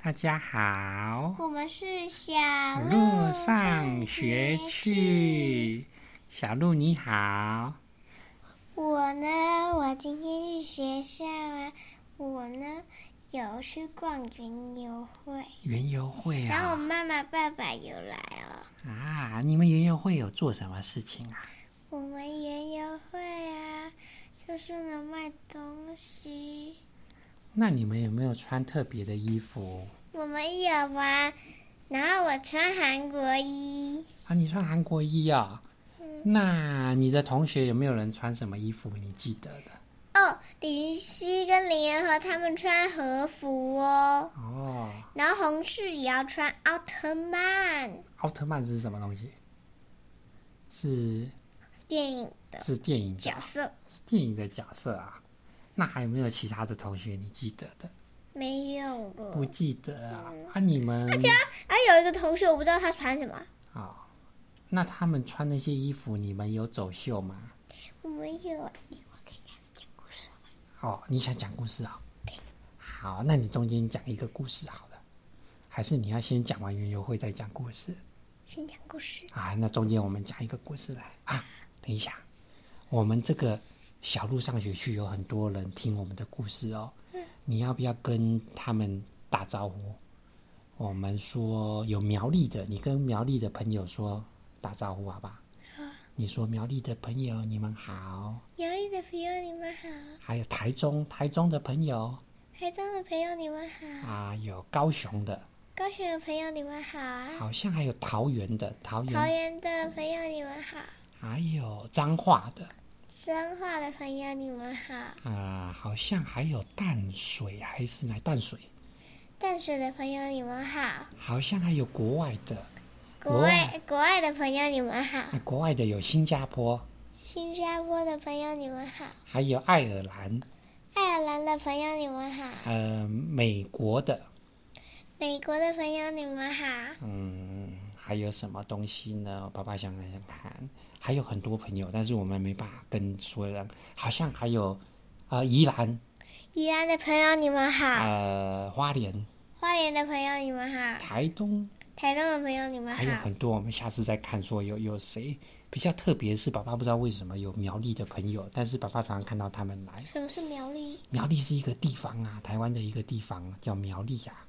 大家好，我們是小鹿上學去。小鹿你好，我呢，我今天去學校啊。我呢，有去逛園遊會。園遊會啊，然後我媽媽爸爸又來了。啊，你們園遊會有做什麼事情啊？我們園遊會啊，就是能賣東西。那你們有沒有穿特別的衣服？我們有吧，然後我穿韓國衣。啊，你穿韓國衣啊、哦嗯？那你的同學有沒有人穿什麼衣服？你記得的？哦，林夕跟林言和他們穿和服哦。哦。然後紅世也要穿奧特曼。奧特曼是什麼東西？是電影的。是電影、啊、角色。是電影的角色啊。那還有沒有其他的同學你記得的？沒有了。不記得啊？那、嗯啊、你們？而且還有一個同學我不知道他穿什麼。啊、哦，那他們穿那些衣服，你們有走秀嗎？我沒有。我可以開始講故事了嗎？哦，你想講故事啊？對。好，那你中間講一個故事好了，還是你要先講完園遊會再講故事？先講故事。啊，那中間我們講一個故事來啊！等一下，我們這個。小鹿上學去，去，有很多人聽我們的故事哦。嗯，你要不要跟他們打招呼？我們說有苗栗的，你跟苗栗的朋友說打招呼，好不好？好。你說苗栗的朋友，你們好。苗栗的朋友，你們好。還有台中，台中的朋友。台中的朋友，你們好。啊，有高雄的。高雄的朋友，你們好啊。好像還有桃園的，桃園。桃園的朋友，你們好。還有彰化的。生化的朋友，你們好啊、呃！好像還有淡水，還是哪淡水？淡水的朋友，你們好。好像還有國外的，國外國外的朋友，你們好、啊。國外的有新加坡，新加坡的朋友，你們好。還有愛爾蘭，愛爾蘭的朋友，你們好。呃，美國的，美國的朋友，你們好。嗯，還有什麼東西呢？我爸爸想想想看。還有很多朋友，但是我們沒辦法跟所有人。好像還有，呃，宜蘭，宜蘭的朋友，你們好。呃，花蓮，花蓮的朋友，你們好。台東，台東的朋友，你們好。還有很多，我們下次再看，說有有誰比較特別。是爸爸不知道為什麼有苗栗的朋友，但是爸爸常常看到他們來。什麼是苗栗？苗栗是一個地方啊，台灣的一個地方叫苗栗啊。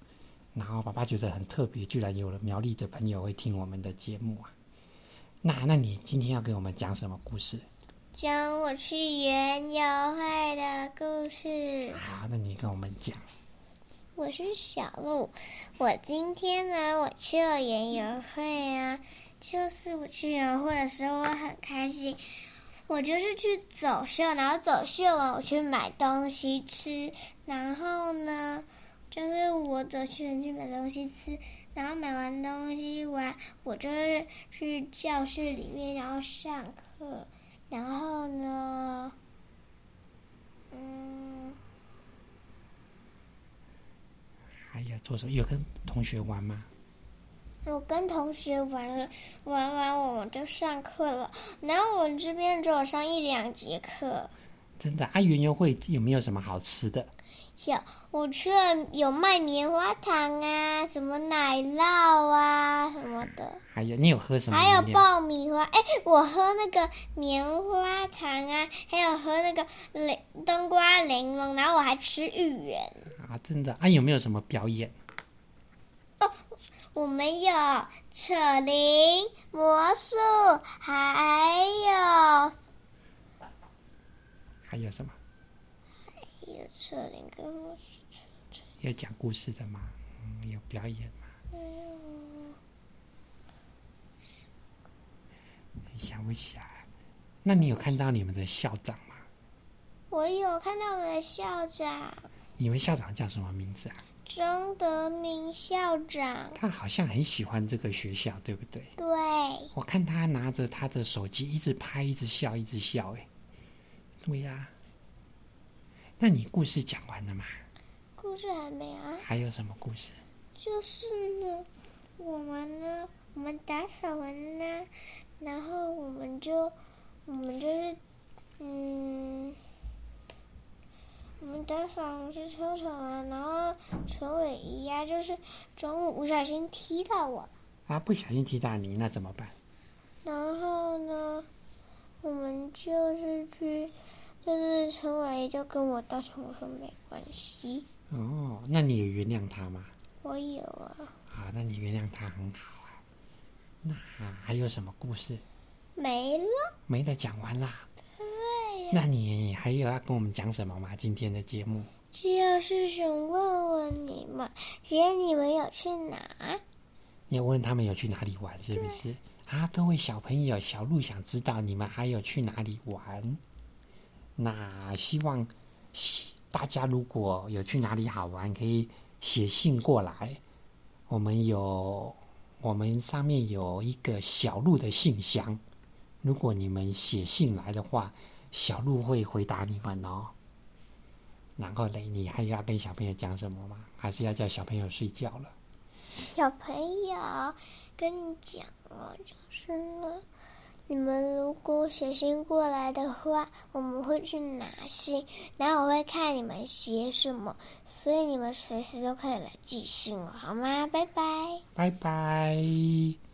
然後爸爸覺得很特別，居然有了苗栗的朋友會聽我們的節目啊。那，那你今天要給我們講什麼故事？講我去園遊會的故事。好，那你跟我們講。我是小鹿，我今天呢，我去了園遊會啊。就是我去園遊會的時候，我很開心。我就是去走秀，然後走秀完，我去買東西吃。然後呢，就是我走秀完去買東西吃。然後買完東西、玩，我就是去教室裡面，然後上課，然後呢，嗯，還要做什麼？有跟同學玩嗎？我跟同學玩了，玩完我們就上課了。然後我們這邊只有上一兩節課。真的，阿，園遊會有沒有什麼好吃的？有，我吃了，有賣棉花糖啊，什麼奶酪啊，什麼的。還有，你有喝什麼？還有爆米花。誒，我喝那個棉花糖啊，還有喝那個菱冬瓜檸檬，然後我還吃芋圓。啊，真的，阿、啊、有沒有什麼表演？哦，我沒有扯，扯鈴魔術，還有。還有什麼？還有車輪跟木頭車。有講故事的嗎？嗯、有表演嗎？沒、嗯、有。想不起來、啊。那你有看到你們的校長嗎？我有看到我的校長。你們校長叫什麼名字啊？鍾德明校長。他好像很喜歡這個學校，對不對？對。我看他拿着他的手機，一直拍，一直笑，一直笑，誒。對、啊、呀，那你故事講完了嗎？故事還沒啊。還有什麼故事？就是呢，我們呢，我們打掃完呢、啊，然後我們就，我們就是，嗯，我們打掃完是操場啊，然後陳偉一呀、啊，就是中午不小心踢到我了。啊！不小心踢到你，那怎麼辦？然後呢，我們就是去。就是陳偉就跟我道歉，我說沒關係。哦，那你有原諒他嗎？我有啊。好、啊，那你原諒他很好啊。那啊還有什麼故事？沒了。沒得講完啦。對、啊。那你還有要跟我們講什麼嗎？今天的節目。就是想問問你們，姐，你們有去哪？你要問問他們有去哪裡玩，是不是？啊，各位小朋友，小鹿想知道你們還有去哪裡玩。那希望，大家如果有去哪裡好玩，可以寫信過來。我們有，我們上面有一個小鹿的信箱。如果你們寫信來的話，小鹿會回答你們哦。然後嘞，你還要跟小朋友講什麼嗎？還是要叫小朋友睡覺了？小朋友，跟你講了就是了。你們如果寫信過來的話，我們會去拿信，然後我會看你們寫什麼，所以你們隨時都可以來寄信，我好嗎？拜拜，拜拜。